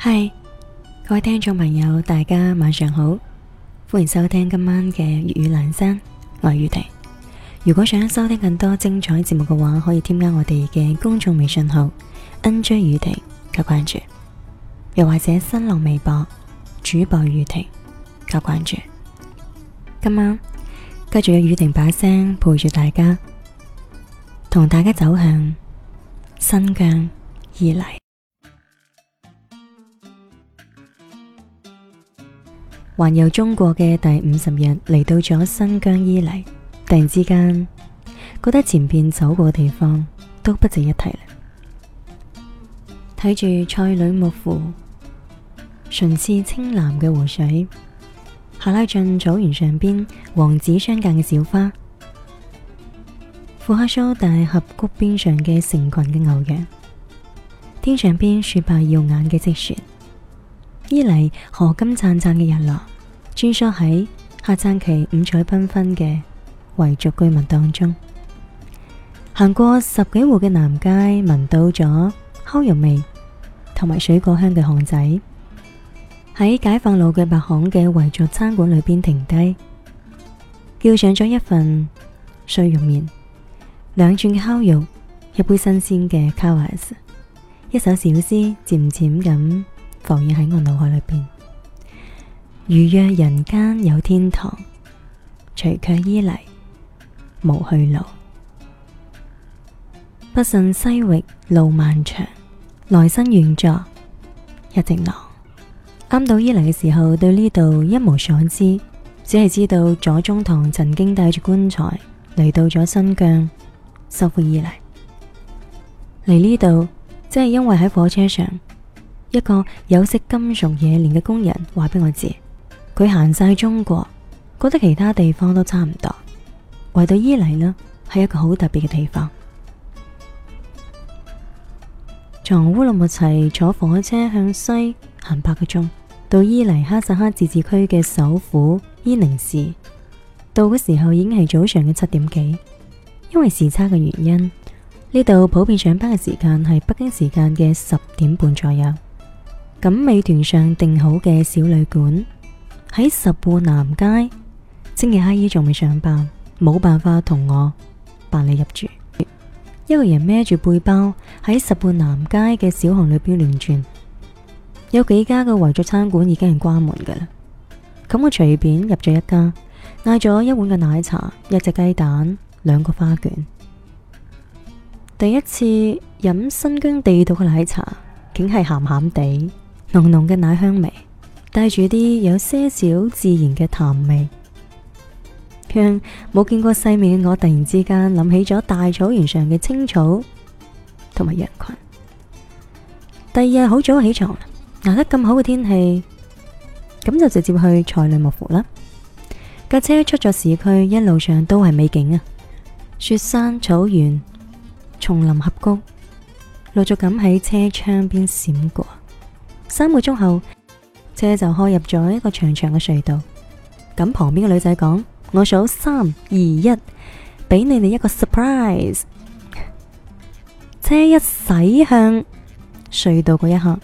嗨，Hi，各位聽眾朋友，大家晚上好，歡迎收聽今晚嘅粵語朗聲，我係雨婷。如果想收聽更多精彩節目嘅話，可以添加我哋嘅公眾微信號 njoy 雨婷加關注，又或者新浪微博主播雨婷加關注。今晚繼續由雨婷把聲陪住大家，同大家走向新疆以嚟。環遊中國嘅第五十日嚟到咗新疆伊犁，突然之間覺得前邊走過地方都不值一提。睇住賽里木湖、純澈清藍嘅湖水，喀拉峻草原上邊黃紫相間嘅小花，闊克蘇大峽谷邊上嘅成群嘅牛羊，天上邊雪白耀眼嘅積雪。伊犁河金燦燦嘅日落，穿梭喺喀贊其五彩繽紛嘅維族居民當中，行過十幾戶嘅南街，聞到咗烤肉味同埋水果香嘅巷仔，喺解放路嘅八巷嘅維族餐館裏邊停低，叫上咗一份碎肉麵，兩串烤肉，一杯新鮮嘅卡瓦斯，一首小詩，漸漸咁。浮現喺我腦海裏邊。如若人間有天堂，除卻伊犁無去路。不懼西域路漫長，來生願作一隻馕。啱到伊犁嘅時候，對呢度一無所知，只係知道左宗棠曾經帶住棺材嚟到咗新疆，收復伊犁。嚟呢度，即係因為喺火車上。一個有色金屬冶煉嘅工人話俾我知，佢行晒中國，覺得其他地方都差唔多，唯獨伊犁呢，係一個好特別嘅地方。從烏魯木齊坐火車向西行八個鐘，到伊犁哈薩克自治區嘅首府伊寧市。到嘅時候已經係早上嘅七點幾，因為時差嘅原因，呢度普遍上班嘅時間係北京時間嘅十點半左右。咁美團上訂好嘅小旅館喺十戶南街，清潔阿姨仲未上班，冇辦法同我辦理入住。一個人孭住背包喺十戶南街嘅小巷裏邊亂轉，有幾家嘅維族餐館已經係關門噶啦。咁我隨便入咗一家，嗌咗一碗嘅奶茶、一隻雞蛋、兩個花卷。第一次飲新疆地道嘅奶茶，竟係咸咸地。濃濃嘅奶香味，帶住啲有些少自然嘅膻味。向冇見過世面嘅我，突然之間諗起咗大草原上嘅青草同埋羊群。第二日好早起床，難得咁好嘅天氣，咁就直接去賽里木湖啦。架車出咗市區，一路上都係美景啊！雪山、草原、松林、峽谷，陸續咁喺車窗邊閃過。三個鐘後，車就開入咗一個長長嘅隧道。咁旁邊嘅女仔講：我數三二一，俾你哋一個 surprise。車一駛向隧道嗰一刻，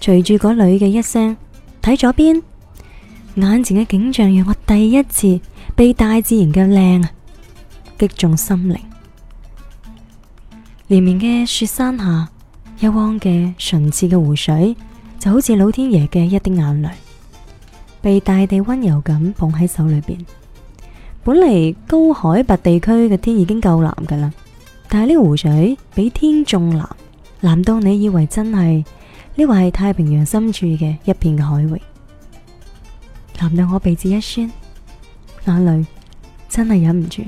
隨住嗰女嘅一聲睇左邊，眼前嘅景象讓我第一次被大自然嘅靚啊擊中心靈。連綿嘅雪山下，一汪嘅純澈嘅湖水。就好似老天爺嘅一滴眼淚，被大地溫柔咁捧喺手裏邊。本嚟高海拔地區嘅天已經夠藍噶啦，但係呢湖水比天仲藍。藍到你以為真係呢位係太平洋深處嘅一片海域，藍到我鼻子一酸，眼淚真係忍唔住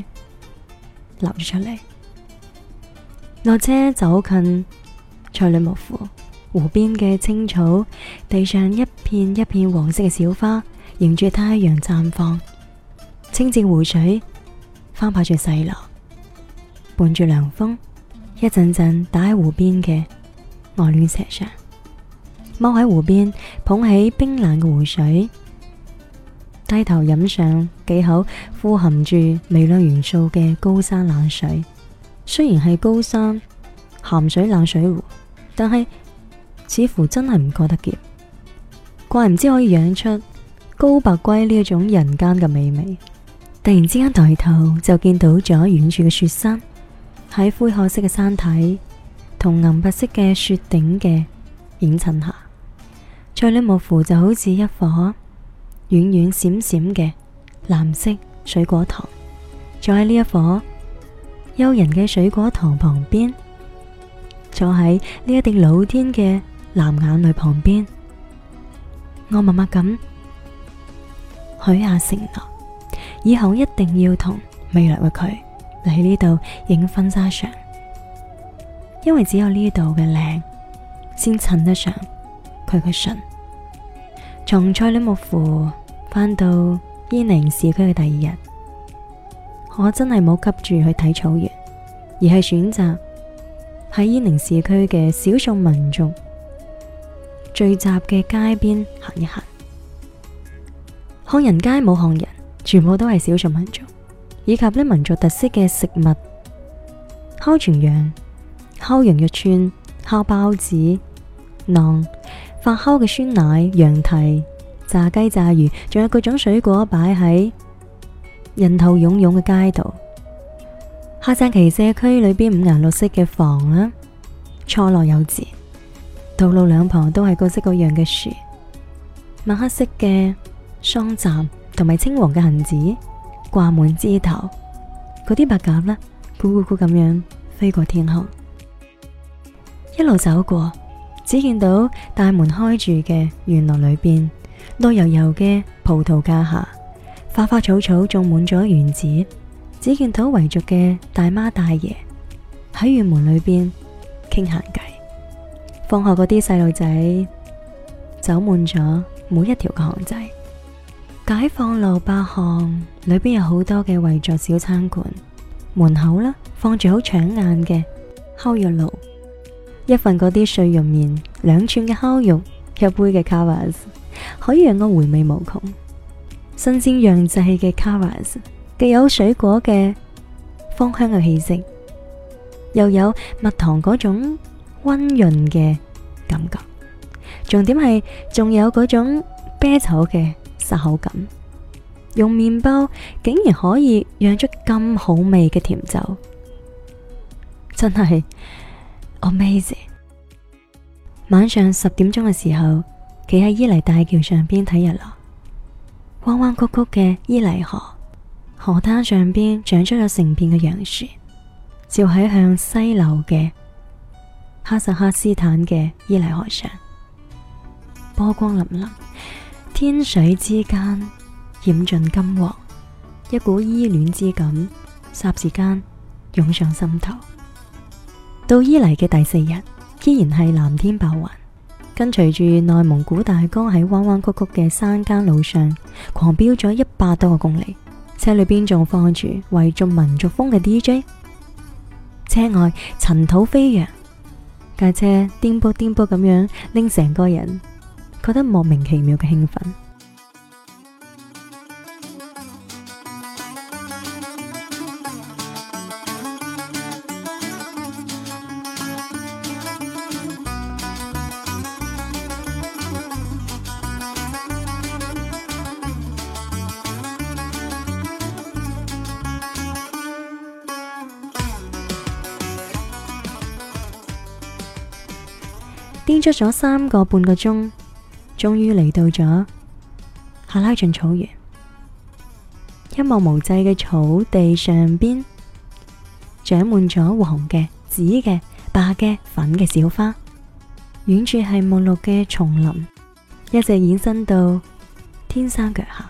流咗出嚟。落車走近賽里木湖。湖邊嘅青草，地上一片一片黃色嘅小花迎住太陽綻放。清澈湖水翻拍住細浪，伴住涼風一陣陣打喺湖邊嘅鵝卵石上。踎喺湖邊捧起冰冷嘅湖水，低頭飲上幾口富含住微量元素嘅高山冷水。雖然係高山鹹水冷水湖，但係，似乎真係唔覺得澀，怪唔知可以養出高白鮭呢一種人間嘅美味。突然之間抬頭就見到咗遠處嘅雪山，喺灰褐色嘅山體同銀白色嘅雪頂嘅映襯下，賽里木湖就好似一顆軟軟閃閃嘅藍色水果糖。坐喺呢一顆誘人嘅水果糖旁邊，坐喺呢一滴老天嘅。藍眼淚旁邊，我默默咁許下承諾，以後一定要同未來嘅佢嚟呢度影婚紗相，因為只有呢度嘅靚先襯得上佢嘅純。從賽里木湖返到伊寧市區嘅第二日，我真係冇急住去睇草原，而係選擇喺伊寧市區嘅少數民族。聚集嘅街邊行一行，漢人街冇漢人，全部都係少數民族，以及啲民族特色嘅食物，烤全羊、烤羊肉串、烤包子、饢、發酵嘅酸奶、羊蹄、炸雞、炸魚，仲有各種水果擺喺人頭涌涌嘅街度。喀贊其社區裏邊五顏六色嘅房啦，錯落有致。道路兩旁都係各式各樣嘅樹，墨黑色嘅桑葚同埋青黃嘅杏子掛滿枝頭。嗰啲白鴿呢，咕咕咕咁樣飛過天空。一路走過，只見到大門開住嘅院落裏邊，綠油油嘅葡萄架下，花花草草種滿咗園子。只見到維族嘅大媽大爺喺院門裏邊傾閒偈。放學嗰啲細路仔走滿咗每一條巷仔。解放路八巷裏邊有好多嘅維族小餐館，門口啦放住好搶眼嘅烤肉爐，一份嗰啲碎肉麵，兩串嘅烤肉，一杯嘅卡瓦斯，可以讓我回味無窮。新鮮釀製嘅卡瓦斯，既有水果嘅芳香嘅氣息，又有蜜糖嗰種。溫潤嘅感覺，重點係仲有嗰種啤酒嘅殺口感。用麵包竟然可以釀出咁好味嘅甜酒，真係 amazing！晚上十點鐘嘅時候，企喺伊犁大橋上邊睇日落，彎彎曲曲嘅伊犁河，河灘上邊長出咗成片嘅楊樹，照喺向西流嘅。哈薩克斯坦嘅伊犁河上，波光粼粼，天水之間染盡金黃，一股依戀之感霎時間湧上心頭。到伊犁嘅第四日，依然係藍天白雲，跟隨住內蒙古大哥喺彎彎曲曲嘅山間路上狂飆咗一百多個公里，車裏邊仲放住維族民族風嘅 DJ，車外塵土飛揚。架車顛簸顛簸咁樣，令成個人覺得莫名其妙嘅興奮。出咗三個半個鐘，終於嚟到咗喀拉峻草原。一望無際嘅草地上邊，長滿咗黃嘅、紫嘅、白嘅、粉嘅小花。遠處係墨綠嘅松林，一直延伸到天山腳下。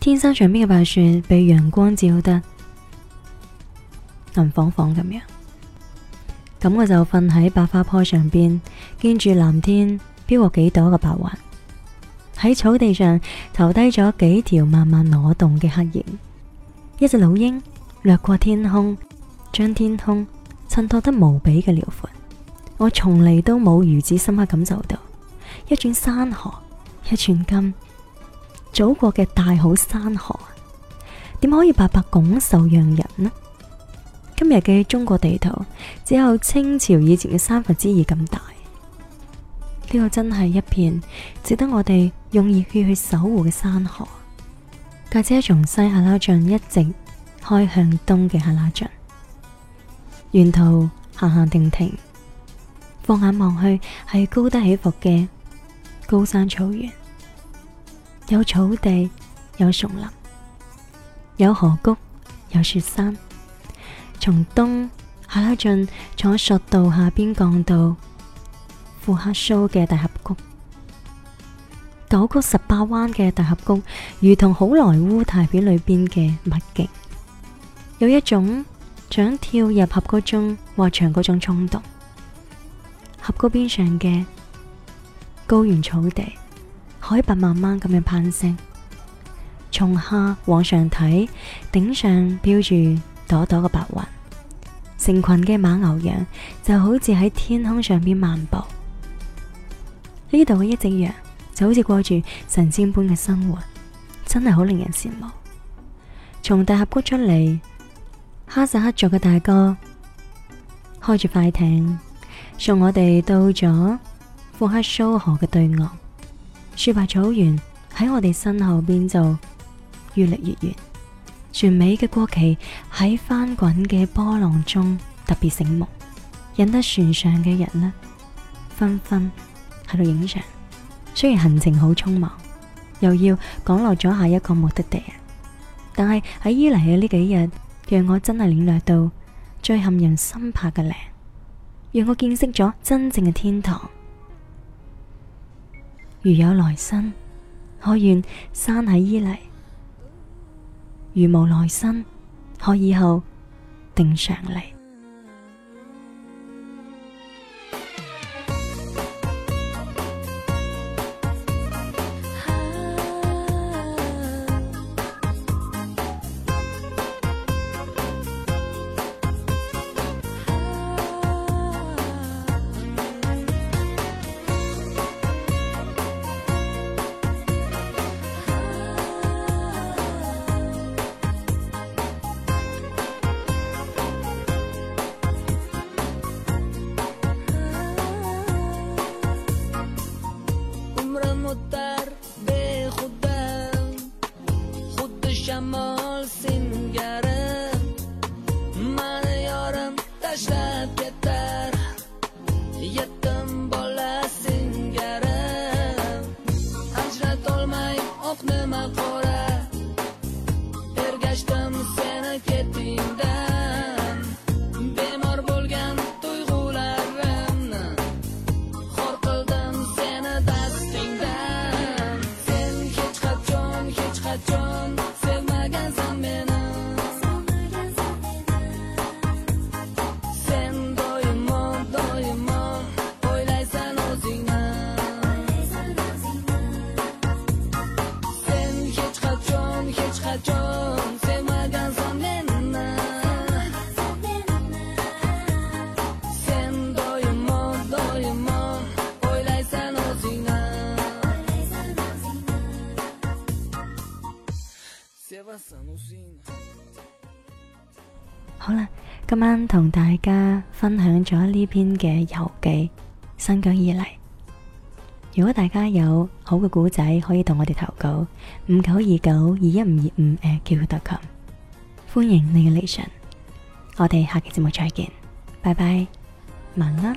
天山上邊嘅白雪被陽光照得銀晃晃咁樣。咁我就瞓喺百花坡上邊，見住藍天飄過幾朵嘅白雲，喺草地上投低咗幾條慢慢挪動嘅黑影，一隻老鷹掠過天空，將天空襯托得無比嘅遼闊。我從嚟都冇如此深刻感受到，一寸山河一寸金，祖國嘅大好山河，點可以白白拱手讓人呢？今日嘅中國地圖只有清朝以前嘅三分之二咁大，呢、這個真係一片值得我哋用熱血去守護嘅山河。架車從西喀拉峻一直開向東嘅喀拉峻，沿途行行停停，放眼望去係高低起伏嘅高山草原，有草地，有松林，有河谷，有雪山。從東喀拉峻，坐索道下邊降到闊克蘇嘅大峽谷，九曲十八彎嘅大峽谷，如同好萊塢大片裏邊嘅秘境，有一種想跳入峽谷中滑翔嗰種衝動。峽谷邊上嘅高原草地，海拔慢慢咁樣攀升，從下往上睇，頂上飄住。朵朵嘅白雲，成群嘅馬牛羊就好似喺天空上邊漫步。呢度嘅一隻羊就好似過住神仙般嘅生活，真係好令人羨慕。從大峽谷出嚟，哈薩克族嘅大哥開住快艇送我哋到咗闊克蘇河嘅對岸，雪白草原喺我哋身後邊就越嚟越遠。船尾嘅國旗喺翻滾嘅波浪中特別醒目，引得船上嘅人呢紛紛喺度影相。雖然行程好匆忙，又要趕落咗下一個目的地，但係喺伊犁嘅呢幾日，讓我真係領略到最撼人心魄嘅靚，讓我見識咗真正嘅天堂。如有來生，我願生喺伊犁。如無來生，可以後定常嚟。今晚同大家分享咗呢篇嘅遊記，新疆伊犁。如果大家有好嘅古仔，可以同我哋投稿五九二九二一五二五誒，叫德琴。歡迎你嘅嚟信，我哋下期節目再見，拜拜，晚安。